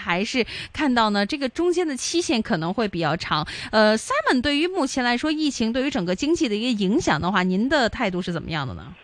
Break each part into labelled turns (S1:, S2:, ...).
S1: 還是看到呢，這個中間的期限可能會比較長。呃，Simon 對於目前來說，疫情對於整個經濟的一個影響的話，您的態度是怎麼樣的呢？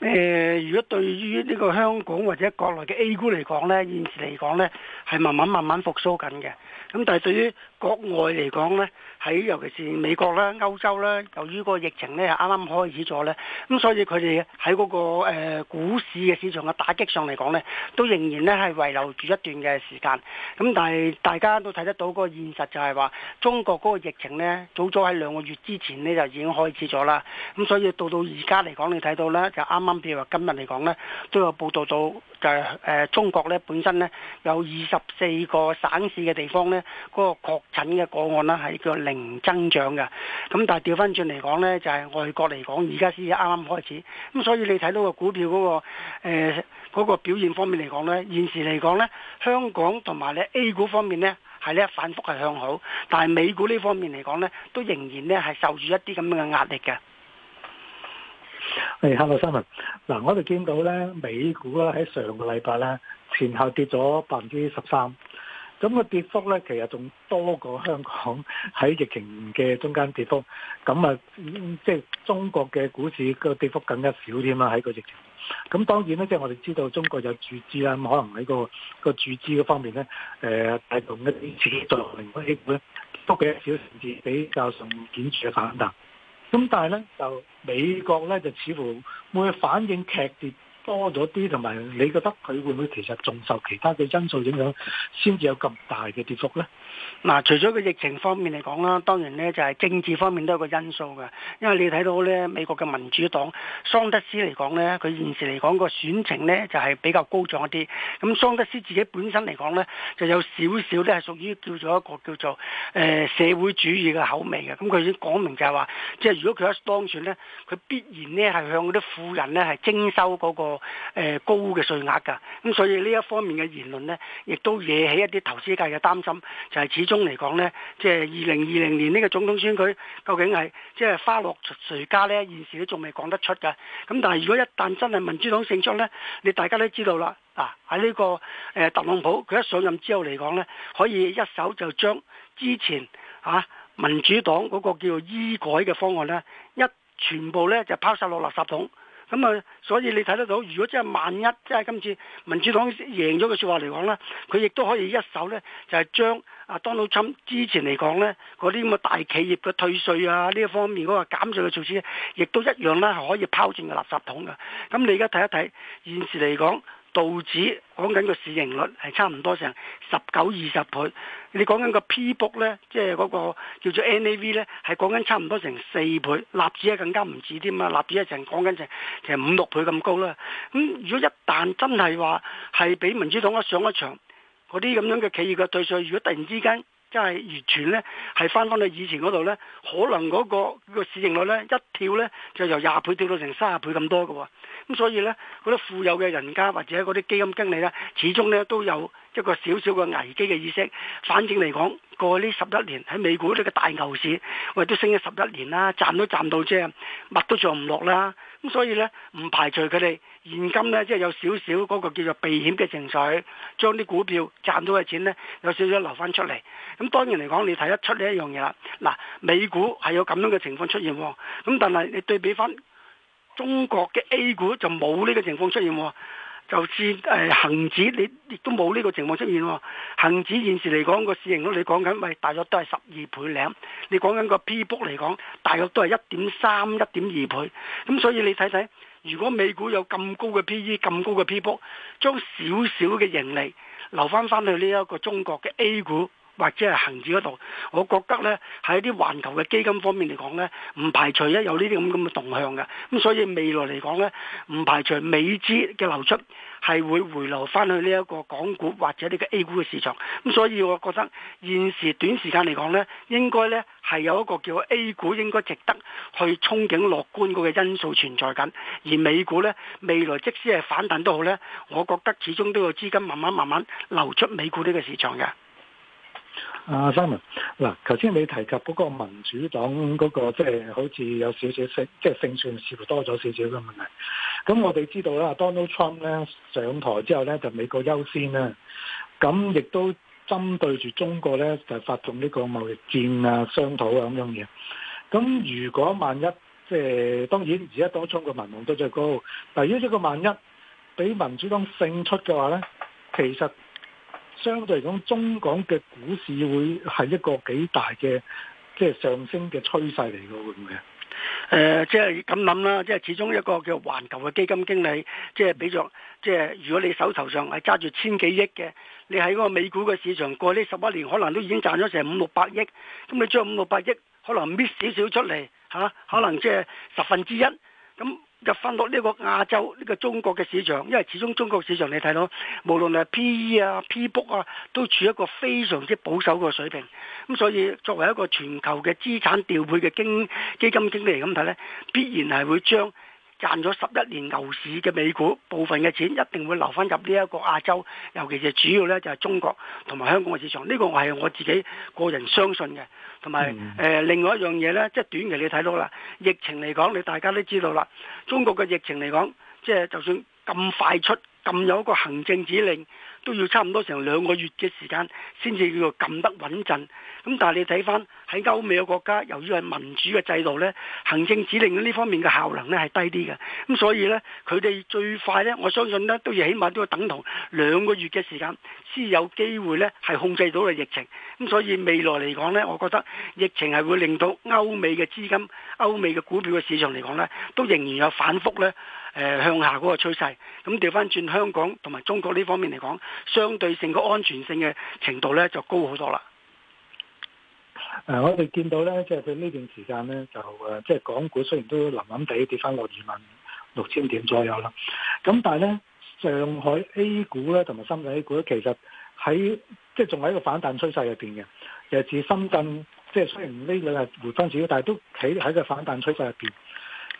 S2: 誒、呃，如果對於呢個香港或者國內嘅 A 股嚟講呢，現時嚟講呢，係慢慢慢慢復蘇緊嘅。咁但係對於國外嚟講呢，喺尤其是美國啦、歐洲啦，由於個疫情咧係啱啱開始咗呢。咁所以佢哋喺嗰個股市嘅市場嘅打擊上嚟講呢，都仍然呢係遺留住一段嘅時間。咁但係大家都睇得到個現實就係話，中國嗰個疫情呢，早早喺兩個月之前呢，就已經開始咗啦。咁所以到到而家嚟講，你睇到咧就啱啱譬如話今日嚟講呢，都有報道到就係誒中國呢，本身呢，有二十四個省市嘅地方呢。嗰個確診嘅個案呢係叫零增長嘅。咁但係調翻轉嚟講呢，就係、是、外國嚟講，而家先啱啱開始。咁所以你睇到個股票嗰、那個誒、呃那個表現方面嚟講呢，現時嚟講呢，香港同埋呢 A 股方面呢，係呢反覆係向好。但係美股呢方面嚟講呢，都仍然呢係受住一啲咁樣嘅壓力嘅。
S3: 誒 Hello，Simon。嗱，我哋見到呢美股呢喺上個禮拜呢，前後跌咗百分之十三。咁個跌幅咧，其實仲多過香港喺疫情嘅中間跌幅。咁啊，即係中國嘅股市個跌幅更加少添啦，喺個疫情。咁當然咧，即係我哋知道中國有注資啦，可能喺個個注資嗰方面咧，誒、呃、帶動一啲錢再落嚟嗰啲股咧，跌幅少甚至比較上顯著嘅反彈。咁但係咧，就美國咧就似乎會反映劇烈。多咗啲，同埋
S2: 你覺得佢會唔會其實仲受其他嘅因素影響先至有咁大嘅跌幅咧？嗱，除咗個疫情方面嚟講啦，當然咧就係政治方面都有個因素嘅，因為你睇到咧美國嘅民主黨桑德斯嚟講咧，佢現時嚟講個選情咧就係比較高漲一啲。咁桑德斯自己本身嚟講咧，就有少少咧係屬於叫做一個叫做誒社會主義嘅口味嘅。咁佢已經講明就係話即係如果佢一當選咧，佢必然咧係向嗰啲富人咧係徵收嗰個。高嘅稅額㗎，咁所以呢一方面嘅言論呢，亦都惹起一啲投資界嘅擔心，就係、是、始終嚟講呢，即係二零二零年呢個總統選舉，究竟係即係花落誰家呢？現時都仲未講得出㗎。咁但係如果一旦真係民主黨勝出呢，你大家都知道啦，嗱喺呢個誒、啊、特朗普佢一上任之後嚟講呢，可以一手就將之前嚇、啊、民主黨嗰個叫做醫改嘅方案呢，一全部呢就拋晒落垃圾桶。咁啊，所以你睇得到，如果真係萬一，即係今次民主黨贏咗嘅說話嚟講咧，佢亦都可以一手咧，就係將 Donald Trump 之前嚟講咧，嗰啲咁嘅大企業嘅退稅啊，呢一方面嗰個減稅嘅措施，亦都一樣咧係可以拋進個垃圾桶嘅。咁你而家睇一睇現時嚟講。道指講緊個市盈率係差唔多成十九二十倍，你講緊個 PBook 呢，即係嗰個叫做 NAV 呢，係講緊差唔多成四倍，納指啊更加唔止添啊，納指一成講緊成成五六倍咁高啦。咁如果一旦真係話係俾民主黨一上一場，嗰啲咁樣嘅企業嘅對稅，如果突然之間，即係完全呢，係翻返到以前嗰度呢。可能嗰個市盈率呢，一跳呢，就由廿倍跳到成三十倍咁多嘅喎、啊。咁所以呢，嗰啲富有嘅人家或者嗰啲基金經理呢，始終呢，都有一個少少嘅危機嘅意識。反正嚟講，過去呢十一年喺美股呢個大牛市，我哋都升咗十一年啦，賺都賺到啫，乜都做唔落啦。咁所以咧，唔排除佢哋現今咧，即係有少少嗰個叫做避險嘅情緒，將啲股票賺到嘅錢咧，有少少留翻出嚟。咁當然嚟講，你睇得出呢一樣嘢啦。嗱，美股係有咁樣嘅情況出現，咁但係你對比翻中國嘅 A 股就冇呢個情況出現。就算誒恆指，你亦都冇呢個情況出現喎。恆指現時嚟講個市盈率你都，你講緊，喂，大約都係十二倍兩。你講緊個 P book 嚟講，大約都係一點三、一點二倍。咁所以你睇睇，如果美股有咁高嘅 P E、咁高嘅 P book，將少少嘅盈利留返返去呢一個中國嘅 A 股。或者係行住嗰度，我覺得呢喺啲環球嘅基金方面嚟講呢，唔排除咧有呢啲咁咁嘅動向嘅。咁、嗯、所以未來嚟講呢，唔排除美資嘅流出係會回流翻去呢一個港股或者呢個 A 股嘅市場。咁、嗯、所以我覺得現時短時間嚟講呢，應該呢係有一個叫 A 股應該值得去憧憬樂觀嗰個因素存在緊。而美股呢，未來即使係反彈都好呢，我覺得始終都有資金慢慢慢慢流出美股呢個市場嘅。
S3: 啊，Simon 嗱，頭先、uh, 啊、你提及嗰個民主黨嗰、那個即係、就是、好似有少少勝，即、就、係、是、勝算似乎多咗少少嘅問題。咁我哋知道啦，Donald Trump 咧，上台之後咧，就是、美國優先咧，咁亦都針對住中國咧就是、發動呢個貿易戰啊、商討啊咁樣嘢。咁如果萬一即係、就是、當然而家 Donald Trump 嘅民望都最高，但如果個萬一俾民主黨勝出嘅話咧，其實。相對嚟講，中港嘅股市會係一個幾大嘅即係上升嘅趨勢嚟噶喎，會唔會啊？誒、
S2: 就是，即係咁諗啦，即係始終一個叫環球嘅基金經理，即係俾著即係如果你手頭上係揸住千幾億嘅，你喺嗰個美股嘅市場過呢十一年，可能都已經賺咗成五六百億，咁你將五六百億可能搣少少出嚟嚇、啊，可能即係十分之一咁，就翻落呢個亞洲，呢個中國嘅市場，因為始終中國市場你睇到，無論係 P E 啊、P book 啊，都處於一個非常之保守嘅水平。咁所以作為一個全球嘅資產調配嘅經基金經理嚟，咁睇咧，必然係會將。賺咗十一年牛市嘅美股部分嘅錢，一定會流返入呢一個亞洲，尤其是主要呢就係、是、中國同埋香港嘅市場。呢、這個我係我自己個人相信嘅。同埋誒，另外一樣嘢呢，即係短期你睇到啦，疫情嚟講，你大家都知道啦，中國嘅疫情嚟講，即係就算咁快出，咁有一個行政指令。都要差唔多成兩個月嘅時間先至叫做撳得穩陣，咁但係你睇翻喺歐美嘅國家，由於係民主嘅制度呢，行政指令呢方面嘅效能呢係低啲嘅，咁所以呢，佢哋最快呢，我相信呢，都要起碼都要等同兩個月嘅時間先有機會呢係控制到嘅疫情，咁所以未來嚟講呢，我覺得疫情係會令到歐美嘅資金、歐美嘅股票嘅市場嚟講呢，都仍然有反覆呢。誒、呃，向下嗰個趨勢，咁調翻轉香港同埋中國呢方面嚟講，相對性嘅安全性嘅程度咧就高好多啦。
S3: 誒、呃，我哋見到咧，即係佢呢段時間咧，就誒、即、啊、係、就是、港股雖然都冧冧地跌翻落二萬六千點左右啦，咁但係咧，上海 A 股咧同埋深圳 A 股咧，其實喺即係仲喺一個反彈趨勢入邊嘅。尤其深圳，即、就、係、是、雖然呢兩日回翻轉，但係都企喺個反彈趨勢入邊。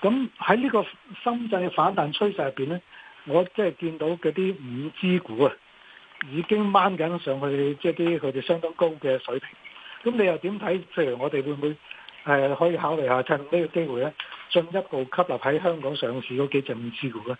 S3: 咁喺呢個深圳嘅反彈趨勢入邊咧，我即係見到嗰啲五 G 股啊，已經掹緊上去，即係啲佢哋相當高嘅水平。咁你又點睇？譬如我哋會唔會誒、呃、可以考慮下趁、這個、呢個機會咧，
S2: 進一步吸納喺香港上市嗰幾隻五 G 股咧？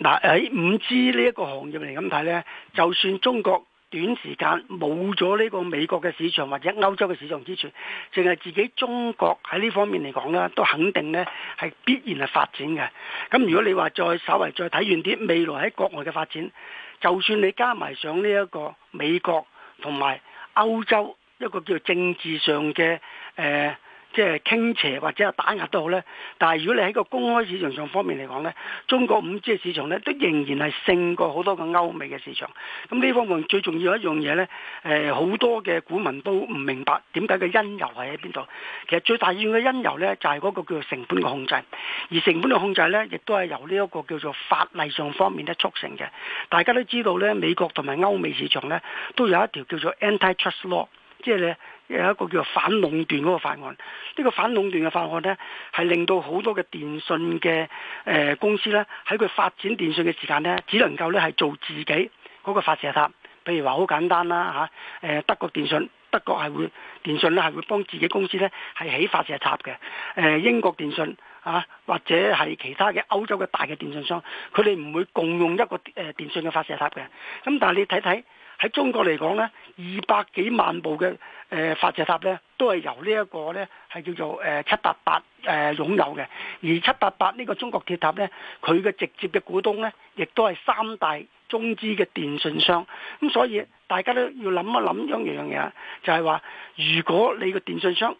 S2: 嗱喺五 G 呢一個行業嚟咁睇咧，就算中國。短時間冇咗呢個美國嘅市場或者歐洲嘅市場之前，淨係自己中國喺呢方面嚟講咧，都肯定呢係必然係發展嘅。咁如果你話再稍微再睇遠啲，未來喺國外嘅發展，就算你加埋上呢一個美國同埋歐洲一個叫政治上嘅誒。呃即係傾斜或者係打壓都好呢。但係如果你喺個公開市場上方面嚟講呢，中國五 G 市場呢都仍然係勝過好多嘅歐美嘅市場。咁呢方面最重要一樣嘢呢，呃，好多嘅股民都唔明白點解嘅因由係喺邊度。其實最大意嘅因由呢就係、係、嗰個叫做成本嘅控制，而成本嘅控制呢，亦都係由呢一個叫做法例上方面咧促成嘅。大家都知道呢，美國同埋歐美市場呢都有一條叫做 Antitrust Law。即係咧有一個叫做反壟斷嗰個法案，呢個反壟斷嘅法案呢，係令到好多嘅電信嘅誒、呃、公司呢，喺佢發展電信嘅時間呢，只能夠呢係做自己嗰個發射塔。譬如話好簡單啦吓，誒、啊、德國電信，德國係會電信呢係會幫自己公司呢係起發射塔嘅。誒、呃、英國電信啊，或者係其他嘅歐洲嘅大嘅電信商，佢哋唔會共用一個誒電信嘅發射塔嘅。咁、嗯、但係你睇睇。喺中國嚟講呢，二百幾萬部嘅誒發射塔呢，都係由呢一個呢，係叫做誒七八八誒擁有嘅。而七八八呢個中國鐵塔呢，佢嘅直接嘅股東呢，亦都係三大中資嘅電信商。咁所以大家都要諗一諗樣樣嘢，就係話如果你個電信商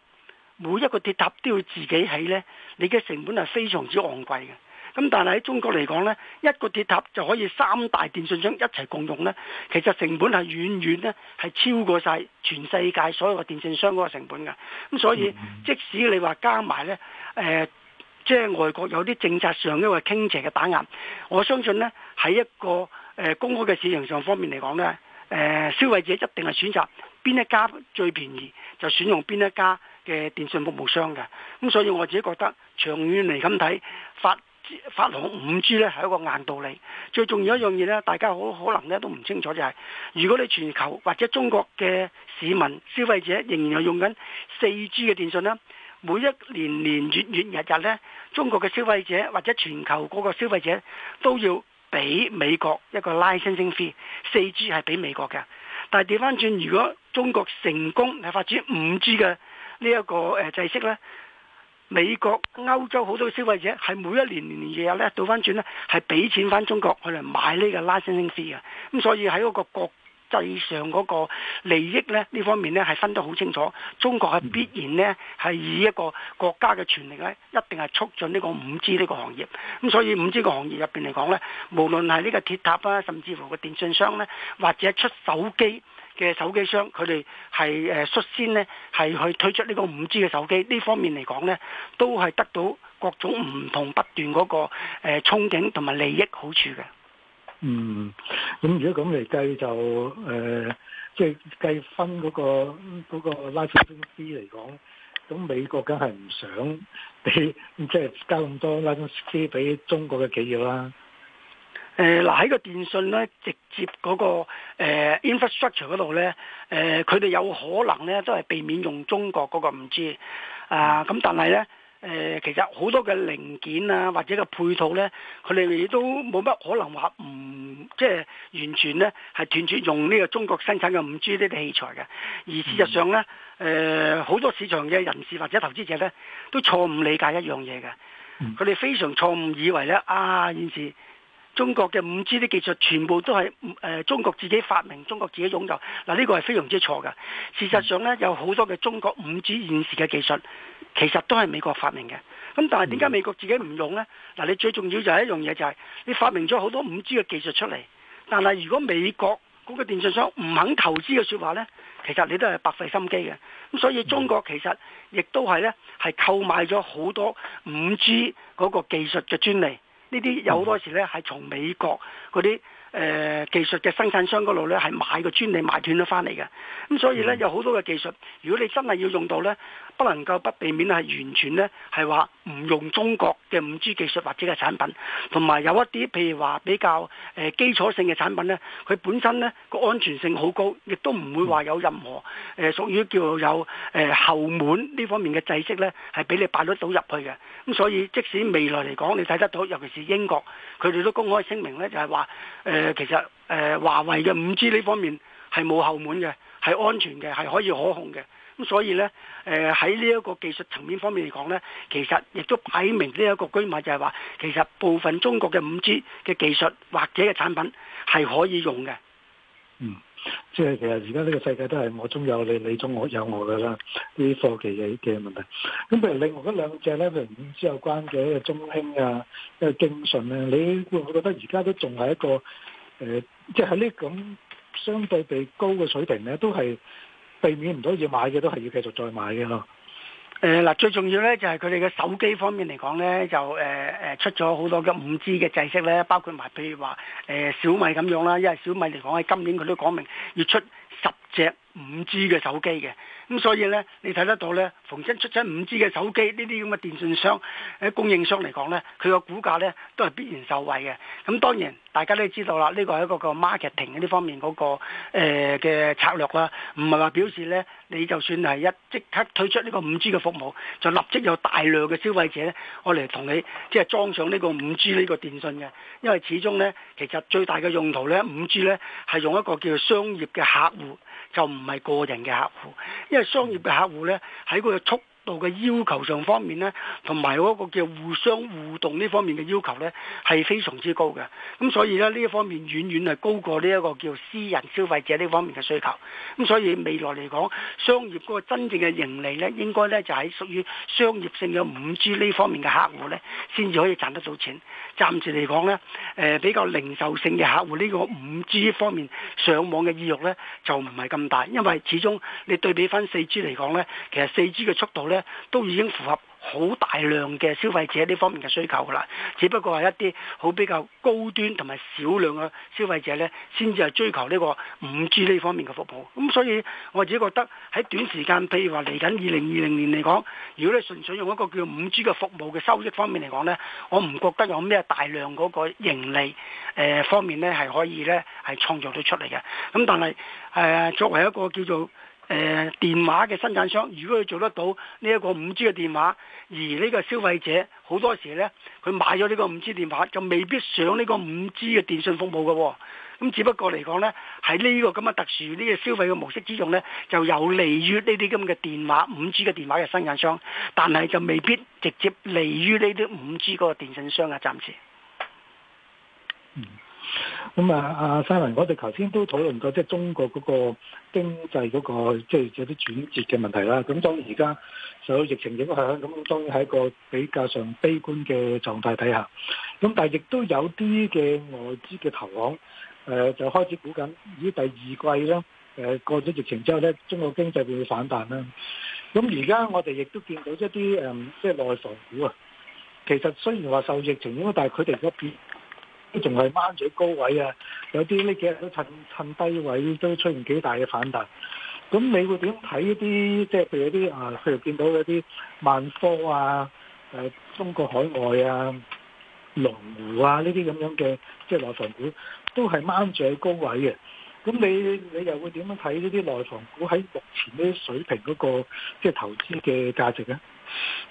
S2: 每一個鐵塔都要自己起呢，你嘅成本係非常之昂貴嘅。咁但係喺中國嚟講，呢一個鐵塔就可以三大電信商一齊共用，呢其實成本係遠遠呢係超過晒全世界所有嘅電信商嗰個成本嘅。咁所以嗯嗯即使你話加埋呢，誒、呃、即係外國有啲政策上因為傾斜嘅打壓，我相信呢，喺一個誒公開嘅市場上方面嚟講呢，誒消費者一定係選擇邊一家最便宜，就選用邊一家嘅電信服務商嘅。咁所以我自己覺得長遠嚟咁睇，發發動五 G 呢係一個硬道理，最重要一樣嘢呢，大家好可能呢都唔清楚就係，如果你全球或者中國嘅市民消費者仍然係用緊四 G 嘅電訊呢，每一年年月月日日呢，中國嘅消費者或者全球嗰個消費者都要俾美國一個 license fee，四 G 係俾美國嘅，但係掉返轉，如果中國成功係發展五 G 嘅呢一個誒制式呢。美國、歐洲好多消費者係每一年年年夜夜咧倒翻轉咧，係俾錢翻中國去嚟買呢個拉星星絲嘅，咁所以喺嗰個國際上嗰個利益咧呢方面咧係分得好清楚，中國係必然咧係以一個國家嘅權力咧一定係促進呢個五 G 呢個行業，咁所以五 G 個行業入邊嚟講咧，無論係呢個鐵塔啊，甚至乎個電信商咧，或者出手機。嘅手機商，佢哋係誒率先呢，係去推出呢個 5G 嘅手機。呢方面嚟講呢都係得到各種唔同不斷嗰、嗰個、呃、憧憬同埋利益好處嘅、
S3: 嗯。嗯，咁如果咁嚟計就誒、呃，即係計分嗰、嗰個嗰、嗰個拉鍊公司嚟講，咁美國梗係唔想俾即
S2: 係交咁
S3: 多拉鍊公司俾中國嘅企業啦。誒，嗱
S2: 喺、呃、個電訊咧，直接嗰、那個誒、呃、infrastructure 嗰度咧，誒、呃，佢哋有可能咧都係避免用中國嗰個五 G 啊、呃，咁但係咧，誒、呃，其實好多嘅零件啊，或者嘅配套咧，佢哋亦都冇乜可能話唔即係完全咧係斷絕用呢個中國生產嘅五 G 呢啲器材嘅。而事實上咧，誒、嗯呃，好多市場嘅人士或者投資者咧，都錯誤理解一樣嘢嘅，佢哋非常錯誤以為咧啊，現時。中國嘅五 G 啲技術全部都係誒、呃、中國自己發明、中國自己擁有。嗱、這、呢個係非常之錯嘅。事實上呢，有好多嘅中國五 G 現時嘅技術其實都係美國發明嘅。咁但係點解美國自己唔用呢？嗱，你最重要就係一樣嘢就係你發明咗好多五 G 嘅技術出嚟，但係如果美國嗰個電信商唔肯投資嘅説話呢，其實你都係白費心機嘅。咁所以中國其實亦都係呢，係購買咗好多五 G 嗰個技術嘅專利。呢啲有好多時咧，係從美國嗰啲誒技術嘅生產商嗰度咧，係買個專利買斷咗翻嚟嘅。咁所以咧，嗯、有好多嘅技術，如果你真係要用到咧。不能夠不避免係完全咧係話唔用中國嘅 5G 技術或者嘅產品，同埋有一啲譬如話比較誒、呃、基礎性嘅產品咧，佢本身咧個安全性好高，亦都唔會話有任何誒、呃、屬於叫做有誒、呃、後門呢方面嘅制式咧，係俾你擺得到入去嘅。咁、嗯、所以即使未來嚟講你睇得到，尤其是英國佢哋都公開聲明咧，就係話誒其實誒華、呃、為嘅 5G 呢方面係冇後門嘅，係安全嘅，係可以可控嘅。咁所以咧，誒喺呢一個技術層面方面嚟講咧，其實亦都擺明呢一個句話，就係話其實部分中國嘅五 G 嘅技術或者嘅產品係可以用嘅。嗯，
S3: 即係其實而家呢個世界都係我中有你，你中有，有我㗎啦。啲科技嘅嘅問題，咁譬如另外嗰兩隻咧，譬如五 G 有關嘅中興啊、京信咧，你會唔會覺得而家都仲係一個誒，即係喺呢咁相對地高嘅水平咧，都係？避免唔
S2: 到要買嘅都係要繼續再買嘅咯。誒嗱，最重要咧就係佢哋嘅手機方面嚟講咧，就誒誒出咗好多嘅五 G 嘅制式咧，包括埋譬如話誒小米咁樣啦，因為小米嚟講，喺今年佢都講明要出。十隻五 G 嘅手機嘅，咁所以呢，你睇得到呢，逢親出出五 G 嘅手機呢啲咁嘅電信商喺供應商嚟講呢，佢個股價呢都係必然受惠嘅。咁當然大家都知道啦，呢個係一個一個 marketing 呢方面嗰個嘅、呃、策略啦、啊，唔係話表示呢，你就算係一即刻推出呢個五 G 嘅服務，就立即有大量嘅消費者呢，我嚟同你即係、就是、裝上呢個五 G 呢個電信嘅，因為始終呢，其實最大嘅用途呢，五 G 呢係用一個叫做商業嘅客戶。就唔係個人嘅客戶，因為商業嘅客戶咧喺個速。度嘅要求上方面咧，同埋嗰個叫互相互動呢方面嘅要求咧，係非常之高嘅。咁所以咧，呢一方面遠遠係高過呢一個叫私人消費者呢方面嘅需求。咁所以未來嚟講，商業嗰個真正嘅盈利咧，應該咧就係屬於商業性嘅五 G 呢方面嘅客戶咧，先至可以賺得到錢。暫時嚟講咧，誒、呃、比較零售性嘅客戶呢個五 G 方面上網嘅意欲咧，就唔係咁大，因為始終你對比翻四 G 嚟講咧，其實四 G 嘅速度咧。都已經符合好大量嘅消費者呢方面嘅需求啦，只不過係一啲好比較高端同埋少量嘅消費者呢，先至係追求呢個五 G 呢方面嘅服務。咁所以我自己覺得喺短時間，譬如話嚟緊二零二零年嚟講，如果你純粹用一個叫五 G 嘅服務嘅收益方面嚟講呢，我唔覺得有咩大量嗰個盈利誒方面呢係可以呢係創造到出嚟嘅。咁但係誒、呃、作為一個叫做誒、呃，電話嘅生產商，如果佢做得到呢一個五 G 嘅電話，而呢個消費者好多時呢，佢買咗呢個五 G 電話，就未必上呢個五 G 嘅電信服務嘅、哦。咁只不過嚟講呢，喺呢個咁嘅特殊呢、呢個消費嘅模式之中呢，就有利於呢啲咁嘅電話五 G 嘅電話嘅生產商，但係就未必直接利於呢啲五 G 嗰個電信商啊，暫時。
S3: 咁啊，阿西文，我哋頭先都討論過，即係中國嗰個經濟嗰、嗰個即係有啲轉折嘅問題啦。咁當然而家受到疫情影響，咁當然係一個比較上悲觀嘅狀態底下。咁但係亦都有啲嘅外資嘅投行，誒、呃、就開始估緊，咦，第二季啦，誒、呃、過咗疫情之後咧，中國經濟會反彈啦。咁而家我哋亦都見到一啲誒，即係內房股啊，其實雖然話受疫情影響，但係佢哋而家變，都仲係掹住喺高位啊！有啲呢幾日都趁趁低位都出現幾大嘅反彈。咁你會點睇一啲，即係譬如啲啊，譬如見到嗰啲萬科啊、誒、啊、中國海外啊、龍湖啊呢啲咁樣嘅，即係內房股股都係掹住喺高位嘅。咁你你又會點樣睇呢啲內房股喺目前呢啲
S2: 水平嗰個即係投資嘅價值咧？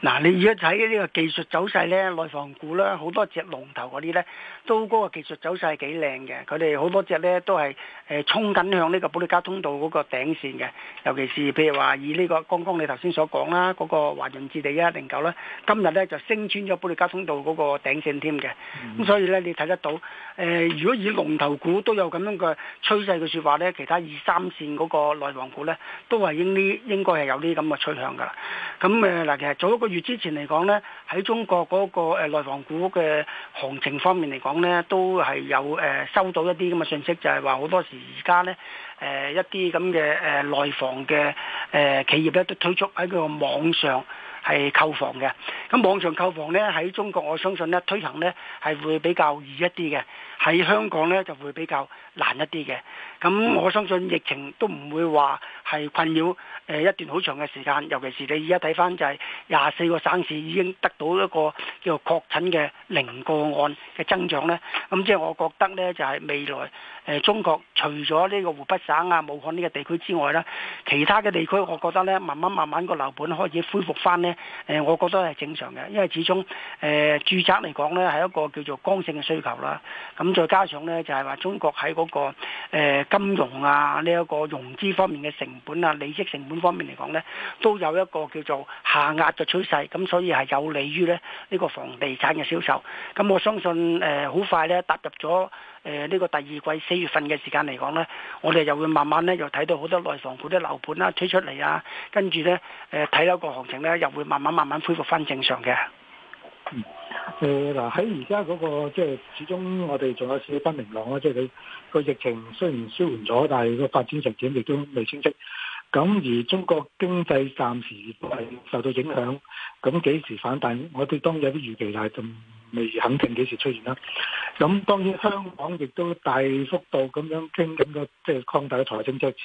S2: 嗱，你而家睇呢個技術走勢咧，內房股啦，好多隻龍頭嗰啲咧，都嗰個技術走勢幾靚嘅。佢哋好多隻咧都係誒衝緊向呢個保利加通道嗰個頂線嘅。尤其是譬如話以呢個剛剛你頭先所講啦，嗰個華潤置地1109啦，今日呢就升穿咗保利加通道嗰個頂線添嘅。咁、嗯、所以呢，你睇得到。誒、呃，如果以龍頭股都有咁樣嘅趨勢嘅説話呢，其他二三線嗰個內房股呢，都係應啲應該係有啲咁嘅趨向噶啦。咁誒嗱，其實早一個月之前嚟講呢，喺中國嗰個誒內房股嘅行情方面嚟講呢，都係有誒、呃、收到一啲咁嘅信息，就係話好多時而家呢，誒、呃、一啲咁嘅誒內房嘅誒、呃、企業咧都推出喺個網上。係購房嘅，咁網上購房呢，喺中國我相信呢推行呢係會比較易一啲嘅，喺香港呢就會比較難一啲嘅。咁我相信疫情都唔會話係困擾一段好長嘅時間，尤其是你而家睇翻就係廿四個省市已經得到一個叫做確診嘅零個案嘅增長呢。咁即係我覺得呢就係、是、未來、呃、中國除咗呢個湖北省啊、武漢呢個地區之外呢，其他嘅地區我覺得呢慢慢慢慢個樓盤開始恢復翻呢。誒，我覺得係正常嘅，因為始終誒、呃，住宅嚟講呢係一個叫做剛性嘅需求啦。咁再加上呢，就係、是、話中國喺嗰、那個誒、呃、金融啊呢一、這個融資方面嘅成本啊，利息成本方面嚟講呢，都有一個叫做下壓嘅趨勢。咁所以係有利於咧呢、這個房地產嘅銷售。咁我相信誒，好快呢踏入咗。誒呢、呃呢個第二季四月份嘅時間嚟講呢，我哋又會慢慢呢又睇到好多內房股啲樓盤啦、啊、推出嚟啊，跟住呢，誒、呃、睇到個行情呢，又會慢慢慢慢恢復翻正常嘅。
S3: 嗯。嗱、呃，喺而家嗰個即係、就是、始終我哋仲有少少不明朗啊，即係佢個疫情雖然消緩咗，但係個發展成點亦都未清晰。咁而中國經濟暫時都係受到影響，咁幾時反彈？我哋當然有啲預期，但係就仲未肯定幾時出現啦。咁當然香港亦都大幅度咁樣傾緊個即係擴大嘅財政赤字，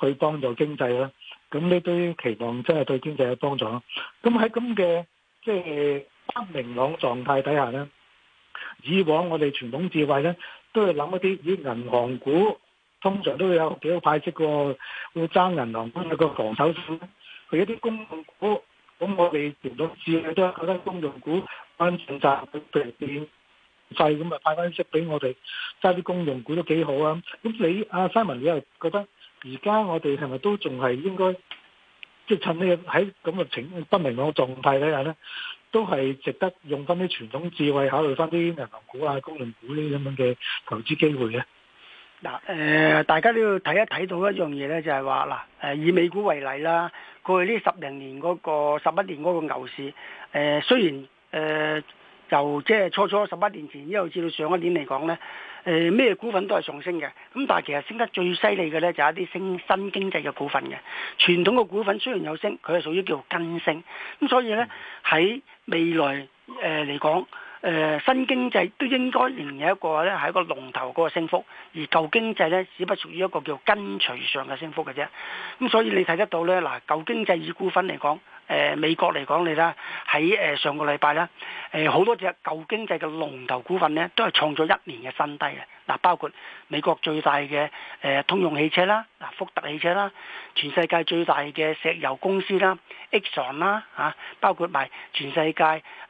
S3: 去幫助經濟啦。咁呢啲期望真係對經濟有幫助。咁喺咁嘅即係不明朗狀態底下呢，以往我哋傳統智慧呢都係諗一啲以銀行股。通常都會有幾好派息嘅，會揸銀行股嘅防守性。佢一啲公用股，咁我哋傳統智慧都覺得公用股安全分散平跌，細咁啊派翻息俾我哋，揸啲公用股都幾好啊。咁你阿 Simon 你又覺得而家我哋係咪都仲係應該，即係趁呢個喺咁嘅情不明朗嘅狀態底下咧，都係值得
S2: 用翻啲傳統智慧考慮翻啲銀行股啊、公用股呢啲咁樣嘅投資機會嘅？嗱，誒、呃，大家都要睇一睇到一樣嘢咧，就係話，嗱，誒，以美股為例啦，過去呢十零年嗰個十一年嗰個牛市，誒、呃，雖然誒由即係初初十一年前一路至到上一年嚟講咧，誒、呃，咩股份都係上升嘅，咁但係其實升得最犀利嘅咧就係一啲新新經濟嘅股份嘅，傳統嘅股份雖然有升，佢係屬於叫做跟升，咁所以咧喺未來誒嚟講。呃誒，新經濟都應該仍然一個咧，係一個龍頭嗰個升幅，而舊經濟咧只不屬於一個叫跟隨上嘅升幅嘅啫。咁所以你睇得到咧，嗱舊經濟以股份嚟講，誒、呃、美國嚟講，你睇喺誒上個禮拜咧，誒、呃、好多隻舊經濟嘅龍頭股份咧，都係創咗一年嘅新低嘅。嗱，包括美國最大嘅誒、呃、通用汽車啦。嗱，福特汽車啦，全世界最大嘅石油公司啦，Exxon 啦，啊，包括埋全世界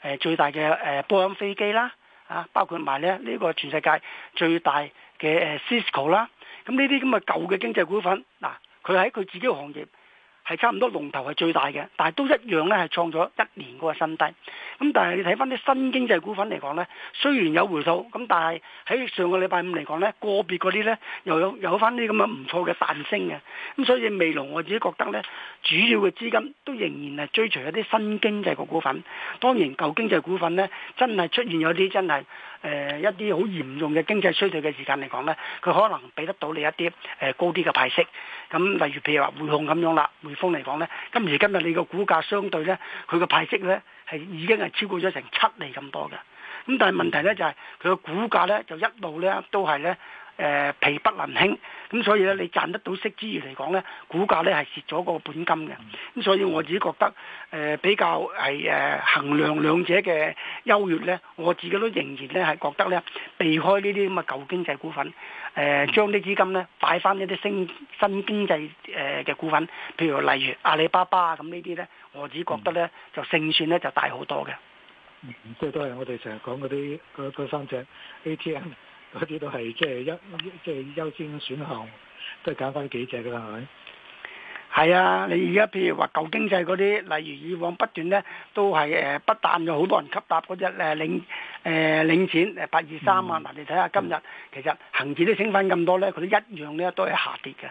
S2: 誒最大嘅誒波音飛機啦，啊，包括埋咧呢個全世界最大嘅誒 Cisco 啦，咁呢啲咁嘅舊嘅經濟股份，嗱，佢喺佢自己個行業。係差唔多，龍頭係最大嘅，但係都一樣咧，係創咗一年嗰個新低。咁但係你睇返啲新經濟股份嚟講咧，雖然有回吐，咁但係喺上個禮拜五嚟講咧，個別嗰啲咧又有有返啲咁嘅唔錯嘅彈升嘅。咁所以未來我自己覺得咧，主要嘅資金都仍然係追隨一啲新經濟個股份。當然舊經濟股份咧，真係出現有啲真係誒一啲好嚴重嘅經濟衰退嘅時間嚟講咧，佢可能俾得到你一啲誒高啲嘅派息。咁例如譬如話匯控咁樣啦，匯。風嚟講咧，今時今日你個股價相對咧，佢個派息咧係已經係超過咗成七厘咁多嘅。咁但係問題咧就係佢個股價咧就一路咧都係咧。誒皮、呃、不能輕，咁、嗯、所以咧，你賺得到息之餘嚟講咧，股價咧係蝕咗個本金嘅。咁所以我自己覺得誒、呃、比較係誒、呃、衡量兩者嘅優越咧，我自己都仍然咧係覺得咧，避開呢啲咁嘅舊經濟股份，誒、呃、將啲資金咧擺翻一啲新新經濟誒嘅股份，譬如例如阿里巴巴啊咁呢啲咧，我自己覺得咧、嗯、就勝算咧就大好多嘅、嗯。
S3: 嗯，即係都係我哋成日講嗰啲嗰三隻 ATM。嗰啲都係即係優即係優先選項，都係揀翻幾隻噶啦，係咪？
S2: 係啊，你而家譬如話舊經濟嗰啲，例如以往不斷咧，都係誒不但有好多人吸納嗰隻誒領誒、呃、領錢誒八二三啊，嗱、嗯、你睇下今日、嗯、其實恒指都升翻咁多咧，佢都一樣咧都係下跌嘅。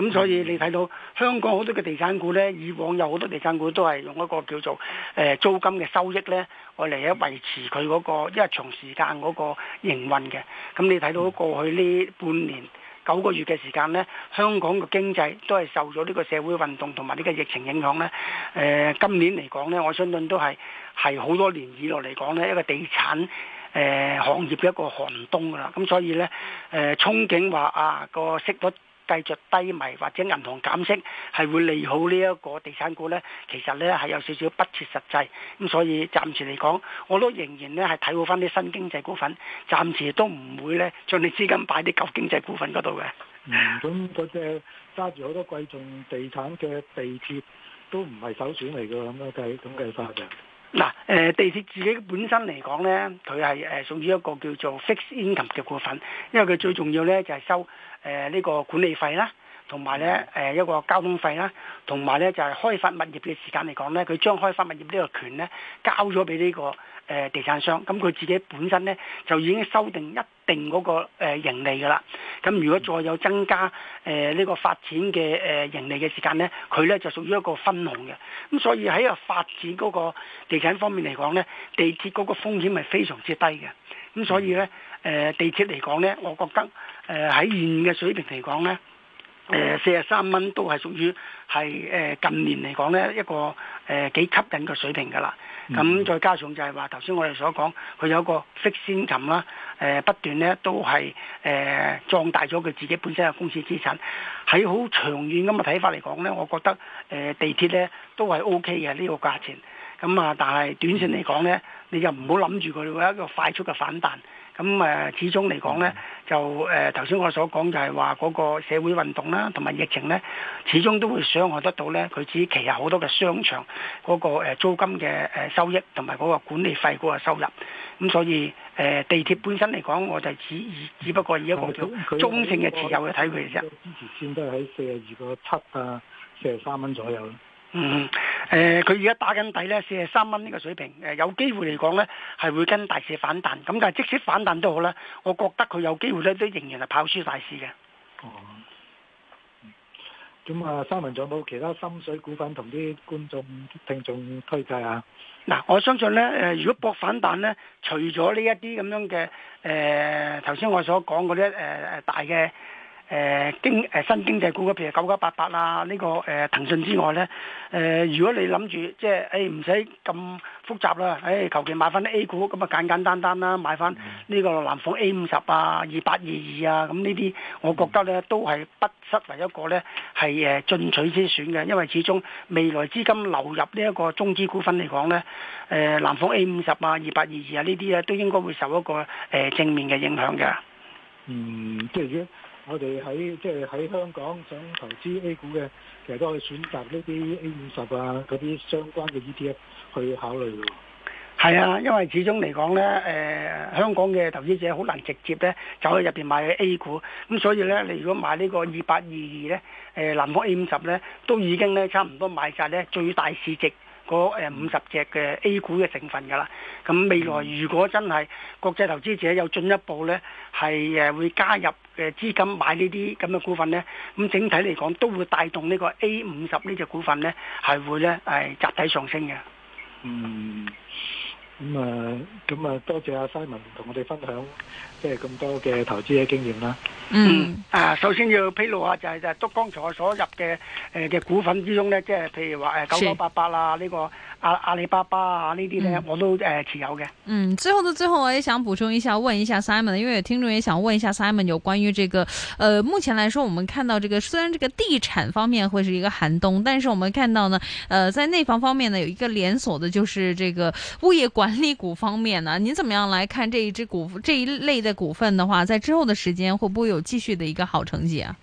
S2: 咁所以你睇到香港好多嘅地產股咧，以往有好多地產股都係用一個叫做誒、呃、租金嘅收益咧，我嚟維持佢個個一長時間嗰個營運嘅。咁你睇到過去呢半年九個月嘅時間咧，香港嘅經濟都係受咗呢個社會運動同埋呢個疫情影響咧。誒、呃，今年嚟講咧，我相信都係係好多年以來嚟講咧一個地產誒、呃、行業嘅一個寒冬噶啦。咁所以咧誒、呃、憧憬話啊個息率。繼續低迷或者銀行減息，係會利好呢一個地產股咧。其實咧係有少少不切實際，咁所以暫時嚟講，我都仍然咧係睇好返啲新經濟股份，暫時都唔會咧將啲資金擺啲舊經濟股份嗰度嘅。
S3: 咁嗰隻揸住好多貴重地產嘅地鐵
S2: 都唔係首選嚟㗎，咁樣就係咁計法嘅。嗱，誒地鐵自己本身嚟講咧，佢係誒屬於一個叫做 fixed income 嘅股份，因為佢最重要咧就係收。誒呢個管理費啦，同埋咧誒一個交通費啦，同埋咧就係、是、開發物業嘅時間嚟講咧，佢將開發物業呢個權咧交咗俾呢個誒、呃、地產商，咁佢自己本身咧就已經收定一定嗰個盈利噶啦。咁如果再有增加誒呢、呃這個發展嘅誒盈利嘅時間咧，佢咧就屬於一個分紅嘅。咁所以喺個發展嗰個地產方面嚟講咧，地鐵嗰個風險係非常之低嘅。咁所以咧。嗯誒、呃、地鐵嚟講呢，我覺得誒喺、呃、現嘅水平嚟講呢，誒四十三蚊都係屬於係誒近年嚟講呢一個誒幾、呃、吸引嘅水平㗎啦。咁再加上就係話頭先我哋所講，佢有一個息先擒啦，誒、呃、不斷呢都係誒、呃、壯大咗佢自己本身嘅公司資產。喺好長遠咁嘅睇法嚟講呢，我覺得誒、呃、地鐵呢都係 OK 嘅呢個價錢。咁啊，但係短線嚟講呢，你就唔好諗住佢會有一個快速嘅反彈。咁誒，始終嚟講咧，就誒頭先我所講就係話嗰個社會運動啦，同埋疫情咧，始終都會傷害得到咧。佢指其實好多嘅商場嗰個租金嘅誒收益，同埋嗰個管理費嗰個收入。咁所以誒、呃、地鐵本身嚟講，我就只只不過以一個中性嘅持有去睇佢嘅啫。之前先都喺四十二個七啊，四十三蚊左右。嗯，誒、呃，佢而家打緊底咧，四十三蚊呢個水平，誒、呃，有機會嚟講咧，係會跟大市反彈，咁但係即使反彈都好啦，我覺得佢有機會咧，都仍然係跑輸大市嘅。
S3: 哦，咁啊，三文仲有冇其他深水股
S2: 份同啲觀眾聽眾推介下、啊。嗱、啊，我相信咧，誒、呃，如果博反彈咧，除咗呢一啲咁樣嘅，誒、呃，頭先我所講嗰啲，誒、呃、誒，大嘅。誒經誒新經濟股譬如九九八八啊，呢、這個誒騰訊之外呢，誒、呃、如果你諗住即係誒唔使咁複雜啦，誒求其買翻啲 A 股，咁啊簡簡單單啦，買翻呢個南方 A 五十啊、二八二二啊，咁呢啲，嗯、我覺得呢都係不失為一個呢，係誒進取之選嘅，因為始終未來資金流入呢一個中資股份嚟講呢，誒、呃、南方 A 五十啊、二八二二啊呢啲啊，都應該會受一個誒、呃、正面嘅影響嘅。
S3: 嗯，即係我哋喺即係喺香港想投資 A 股嘅，其實都可以選擇呢啲 A
S2: 五十啊嗰啲相關嘅 ETF 去考慮。係啊，因為始終嚟講咧，誒、呃、香港嘅投資者好難直接咧走去入邊買 A 股，咁所以咧你如果買個呢個二八二二咧，誒、呃、南方 A 五十咧，都已經咧差唔多買晒咧最大市值。個五十隻嘅 A 股嘅成分㗎啦，咁未來如果真係國際投資者有進一步呢，係誒會加入嘅資金買呢啲咁嘅股份呢。咁整體嚟講都會帶動呢個 A 五十呢隻股份呢，係會呢，係集體上升嘅。嗯。
S3: 咁啊，咁啊，多謝阿 Simon 同我哋分享即係咁多嘅投資嘅經驗啦。嗯，
S2: 啊，首先要披露下，就係就剛才所入嘅誒嘅股份之中咧，即係譬如話誒九九八八啦，呢個阿阿里巴巴啊呢啲咧，我都誒持有嘅。嗯，
S1: 最後的最後，我也想補充一下，問一下 Simon，因為有聽眾也想問一下 Simon，有關於這個，呃，目前來說，我們看到這個，雖然這個地產方面會是一個寒冬，但是我們看到呢，呃，在內房方，方面呢，有一個連鎖的，就是這個物業管。藍籌股方面呢、啊？你怎麼樣來看這一支股，這一類的股份的話，在之後的時間會不會有繼續的一個好成績啊？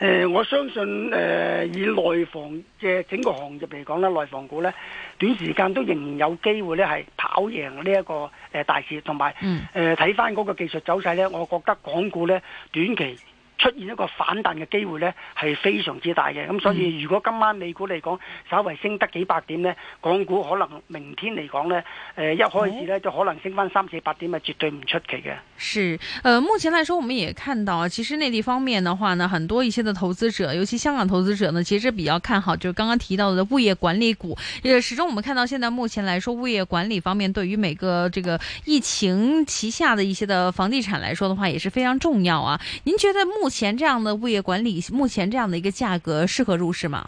S1: 誒、
S2: 呃，我相信誒、呃，以內房嘅整個行業嚟講呢，內房股呢，短時間都仍然有機會呢，係跑贏呢、這、一個誒、呃、大市，同埋誒睇翻嗰個技術走勢呢，我覺得港股呢，短期。出現一個反彈嘅機會呢，係非常之大嘅。咁所以如果今晚美股嚟講，稍微升得幾百點呢，港股可能明天嚟講呢，誒、呃、一開始呢，就可能升翻三四百點，係絕對唔出奇嘅。
S1: 是，誒、呃、目前來說，我們也看到，啊,其實內地方面的話呢，很多一些的投資者，尤其香港投資者呢，其實比較看好，就剛剛提到的物業管理股。誒、呃，始終我們看到，現在目前來說，物業管理方面對於每個這個疫情旗下的一些的房地產來說的話，也是非常重要啊。您覺得目前？前這樣的物業管理，目前這樣的一個價格適合入市嗎？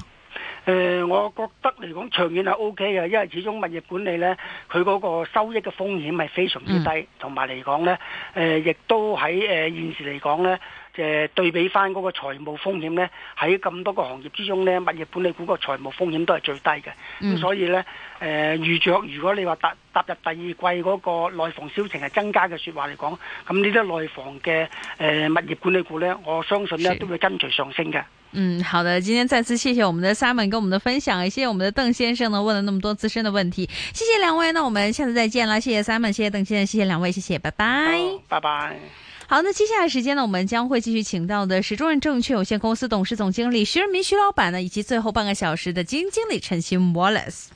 S1: 誒、呃，
S2: 我覺得嚟講長遠係 OK 嘅，因為始終物業管理咧，佢嗰個收益嘅風險係非常之低，同埋嚟講咧，誒、呃、亦都喺誒現時嚟講咧，誒、呃、對比翻嗰個財務風險咧，喺咁多個行業之中咧，物業管理股個財務風險都係最低嘅，咁、嗯、所以咧。誒預、呃、着，如果你話踏踏入第二季嗰個內房銷情係增加嘅說話嚟講，咁呢啲內房嘅、呃、物業管理股呢，我相信呢都會跟隨上升嘅。
S1: 嗯，好的，今天再次謝謝我們的 Simon 跟我們的分享，也謝謝我們的鄧先生呢，問了那麼多自身嘅問題，謝謝兩位，那我們下次再見啦，謝謝 Simon，謝謝鄧先生，謝謝兩位，謝謝，拜拜，拜、oh, 好，那接下來時間呢，我們將會繼續請到的時中人證券有限公司董事總經理徐仁明徐老闆呢，以及最後半個小時的經理陳鑫 Wallace。